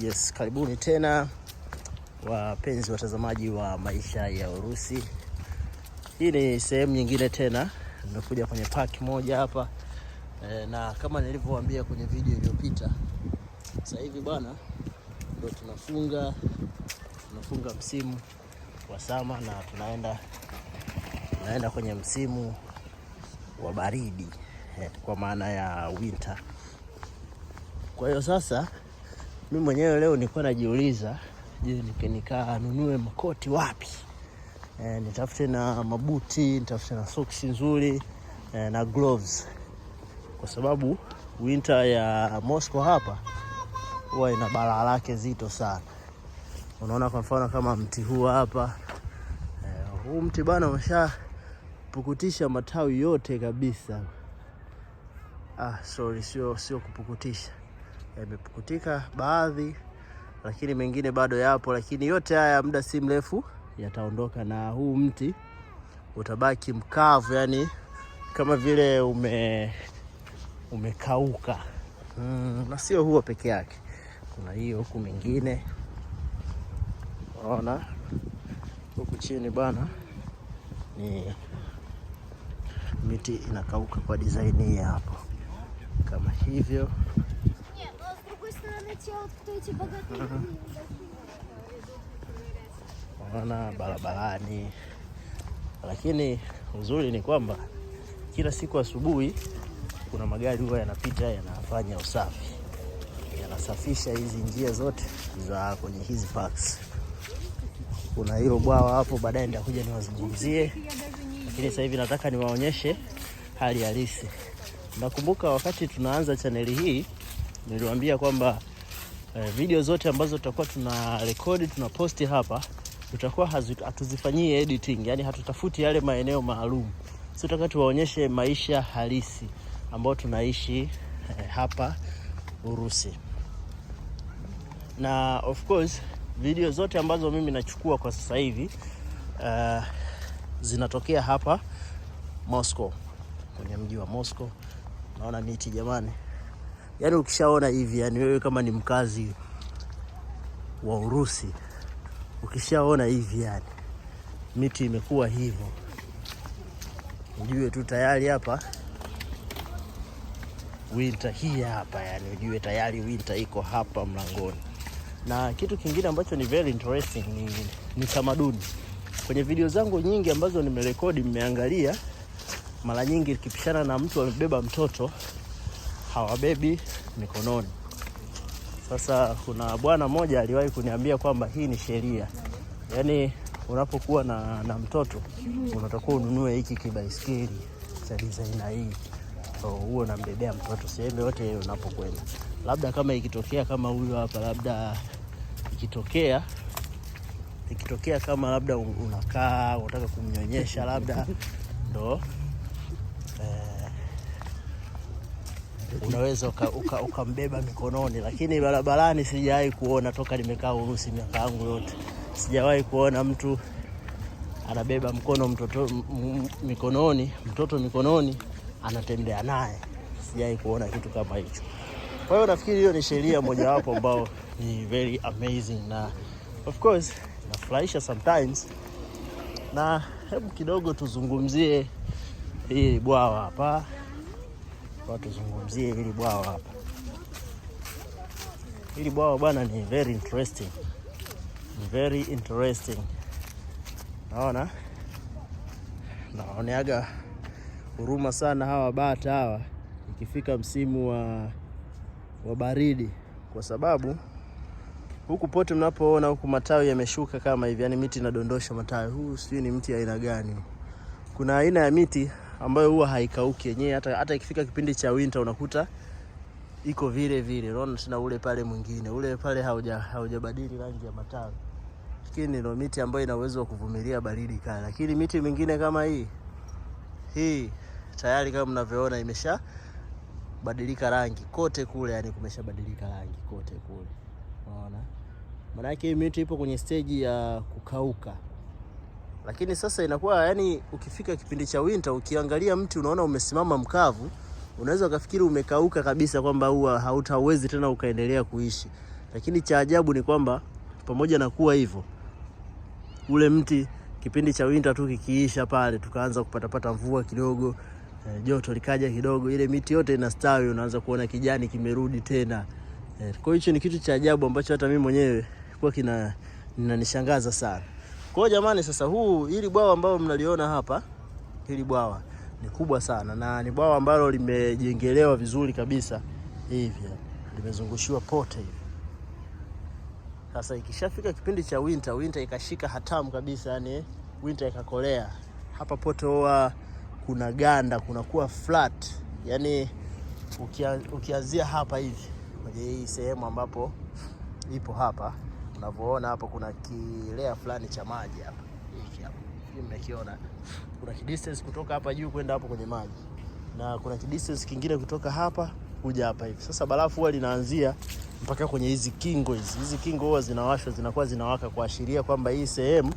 Yes, karibuni tena wapenzi watazamaji wa maisha ya Urusi. Hii ni sehemu nyingine tena, nimekuja kwenye park moja hapa e, na kama nilivyowaambia kwenye video iliyopita, sasa hivi bwana, ndio tunafunga tunafunga msimu wa sama na tunaenda tunaenda kwenye msimu wa baridi e, kwa maana ya winter. Kwa hiyo sasa mimi mwenyewe leo nilikuwa najiuliza, je, nikanunue makoti wapi? E, nitafute na mabuti, nitafute na soksi nzuri e, na gloves, kwa sababu winter ya Moscow hapa huwa ina balaa lake zito sana. Unaona, kwa mfano kama mti huu hapa e, huu mti bana umeshapukutisha matawi yote kabisa. Ah, sorry, sio sio kupukutisha yamepukutika baadhi, lakini mengine bado yapo, lakini yote haya muda si mrefu yataondoka na huu mti utabaki mkavu, yani kama vile ume umekauka mm, na sio huo peke yake, kuna hiyo huku mingine, unaona huku chini bana ni miti inakauka kwa design hii hapo, kama hivyo другой стороны вот, кто эти богатые люди. barabarani, lakini uzuri ni kwamba kila siku asubuhi kuna magari huwa yanapita yanafanya usafi, yanasafisha hizi njia zote za kwenye hizi parks. Kuna hilo bwawa hapo, baadaye nitakuja niwazungumzie, lakini sasa hivi nataka niwaonyeshe hali halisi. Nakumbuka wakati tunaanza chaneli hii niliwaambia kwamba eh, video zote ambazo tutakuwa tuna rekodi tuna posti hapa tutakuwa hatuzifanyii editing, yani hatutafuti yale maeneo maalum, sio taka tuwaonyeshe maisha halisi ambayo tunaishi eh, hapa Urusi. Na of course video zote ambazo mimi nachukua kwa sasa hivi uh, zinatokea hapa Moscow, kwenye mji wa Moscow. Naona miti jamani yani ukishaona hivi, yani wewe kama ni mkazi wa Urusi, ukishaona hivi, yani miti imekuwa hivyo, ujue tu tayari hapa winter hii hapa, yani ujue tayari winter iko hapa mlangoni. Na kitu kingine ambacho ni very interesting ni, ni tamaduni. Kwenye video zangu nyingi ambazo nimerekodi, mmeangalia mara nyingi ikipishana na mtu amebeba mtoto hawabebi mikononi. Sasa kuna bwana mmoja aliwahi kuniambia kwamba hii ni sheria, yaani unapokuwa na, na mtoto unatakiwa ununue hiki kibaiskeli cha dizaina hii huo unambebea mtoto sehemu yote unapokwenda, labda kama ikitokea kama huyu hapa, labda ikitokea ikitokea kama labda unakaa unataka kumnyonyesha labda ndo unaweza ukambeba uka, uka mikononi, lakini barabarani sijawahi kuona toka nimekaa Urusi miaka yangu yote, sijawahi kuona mtu anabeba mkono mtoto mikononi, mtoto mikononi anatembea naye, sijawahi kuona kitu kama hicho. Kwa hiyo nafikiri hiyo ni sheria mojawapo ambao ni very amazing na of course nafurahisha sometimes. Na hebu kidogo tuzungumzie hii bwawa hapa kwa tuzungumzie hili bwawa hapa. Hili bwawa bwana ni very interesting. Very interesting. Naona naoneaga huruma sana hawa bata hawa ikifika msimu wa, wa baridi kwa sababu huku pote mnapoona huku matawi yameshuka kama hivi, yani miti inadondosha matawi. Huu sijui ni mti aina gani? Kuna aina ya miti ambayo huwa haikauki yenyewe, hata hata ikifika kipindi cha winter unakuta iko vile vile. Unaona tena ule pale mwingine ule pale hauja haujabadili rangi ya matawi, lakini ndio miti ambayo ina uwezo wa kuvumilia baridi kali. Lakini miti mingine kama hii hii tayari kama mnavyoona imesha badilika rangi kote kule, yani badilika rangi kote kule, unaona maana yake miti ipo kwenye stage ya kukauka. Lakini sasa inakuwa yani, ukifika kipindi cha winter, ukiangalia mti unaona umesimama mkavu, unaweza ukafikiri umekauka kabisa, kwamba huwa hautawezi tena ukaendelea kuishi. Lakini cha ajabu ni kwamba pamoja na kuwa hivyo, ule mti kipindi cha winter tu kikiisha pale, tukaanza kupatapata mvua kidogo, e, joto likaja kidogo, ile miti yote inastawi, unaanza kuona kijani kimerudi tena. E, kwa hiyo hicho ni kitu cha ajabu ambacho hata mimi mwenyewe kwa kina ninanishangaza sana. Kwa hiyo jamani, sasa huu hili bwawa ambalo mnaliona hapa, hili bwawa ni kubwa sana na ni bwawa ambalo limejengelewa vizuri kabisa hivi, limezungushiwa pote hivi. Sasa ikishafika kipindi cha winter, winter ikashika hatamu kabisa, yani winter ikakolea hapa, pote huwa kuna ganda, kunakuwa flat, yani ukianzia hapa hivi kwenye hii sehemu ambapo ipo hapa Unavyoona hapo kuna kilea fulani cha maji hapa. Hiki hapa. Mmekiona. Kuna kidistance kutoka hapa juu kwenda hapo kwenye maji. Na kuna kidistance kingine kutoka hapa kuja hapa hivi. Sasa barafu huwa linaanzia mpaka kwenye hizi kingo hizi. Hizi kingo huwa zinawashwa zinakuwa zinawaka kuashiria kwamba hii sehemu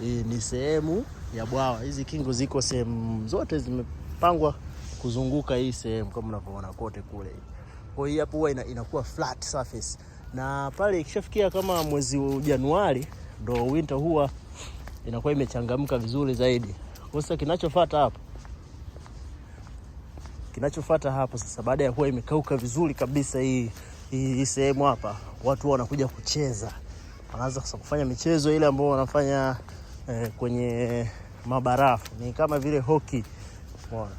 hii ni sehemu ya bwawa. Hizi kingo ziko sehemu zote zimepangwa kuzunguka hii sehemu kama unavyoona kote kule. Kwa hiyo hapo huwa inakuwa flat surface na pale ikishafikia kama mwezi Januari ndo winter huwa inakuwa imechangamka vizuri zaidi. Sasa kinachofuata hapo, kinachofuata hapo sasa, baada ya kuwa imekauka vizuri kabisa hii hii sehemu hapa, watu wanakuja kucheza, wanaanza sasa kufanya michezo ile ambayo wanafanya eh, kwenye mabarafu ni kama vile hoki, umeona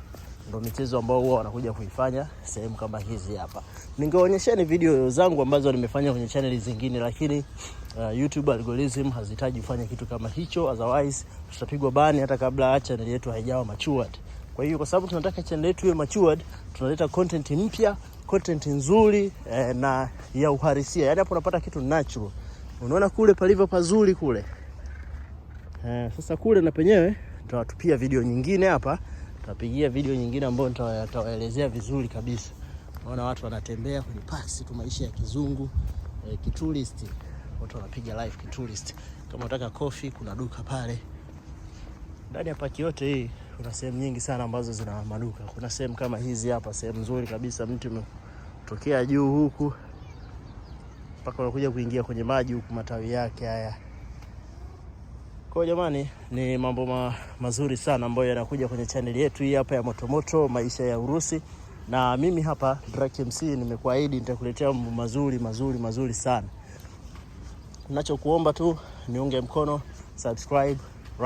ndo michezo ambao huwa wanakuja kuifanya sehemu kama hizi hapa. Ningeonyesheni video zangu ambazo nimefanya kwenye chaneli zingine, lakini uh, YouTube algorithm hazitaji ufanye kitu kama hicho, otherwise tutapigwa bani hata kabla chaneli yetu haijawa matured. Kwa hiyo kwa sababu tunataka chaneli yetu iwe matured, tunaleta content mpya, content nzuri eh, na ya uhalisia. Yaani hapo unapata kitu natural. Unaona kule palivyo pazuri kule. Eh, sasa kule na penyewe tutatupia video nyingine hapa Tutapigia video nyingine ambayo nitawaelezea vizuri kabisa. Naona watu wanatembea kwenye parks tu, maisha ya kizungu eh, kitourist. Watu wanapiga live kitourist. Kama unataka kofi, kuna duka pale ndani ya paki yote hii. Kuna sehemu nyingi sana ambazo zina maduka. Kuna sehemu kama hizi hapa, sehemu nzuri kabisa, mti umetokea juu huku mpaka unakuja kuingia kwenye maji huku, matawi yake haya kwa jamani, ni mambo ma, mazuri sana ambayo yanakuja kwenye chaneli yetu hii hapa ya Motomoto maisha ya Urusi, na mimi hapa Drak MC nimekuahidi nitakuletea mambo mazuri mazuri mazuri sana. Nachokuomba tu niunge mkono subscribe,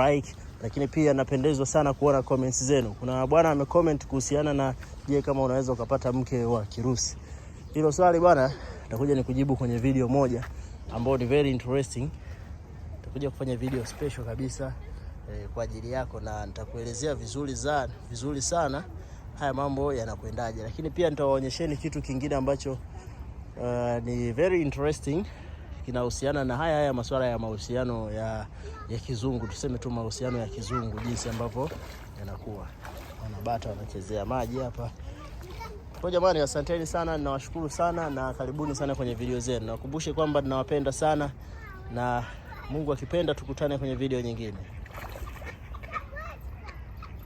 like, lakini pia napendezwa sana kuona comments zenu. Kuna bwana amecomment kuhusiana na je, kama unaweza ukapata mke wa Kirusi. Hilo swali bwana, nitakuja nikujibu kwenye video moja ambayo ni very interesting Nimekuja kufanya video special kabisa eh, kwa ajili yako na nitakuelezea vizuri za, vizuri sana haya mambo yanakwendaje, lakini pia nitawaonyesheni kitu kingine ambacho uh, ni very interesting kinahusiana na haya haya masuala ya mahusiano ya, ya kizungu tuseme tu mahusiano ya kizungu, jinsi ambavyo yanakuwa. Wanabata wanachezea maji hapa. Kwa jamani, asanteni sana, ninawashukuru sana na karibuni sana kwenye video zenu. Nakumbushe kwamba ninawapenda sana na Mungu akipenda tukutane kwenye video nyingine.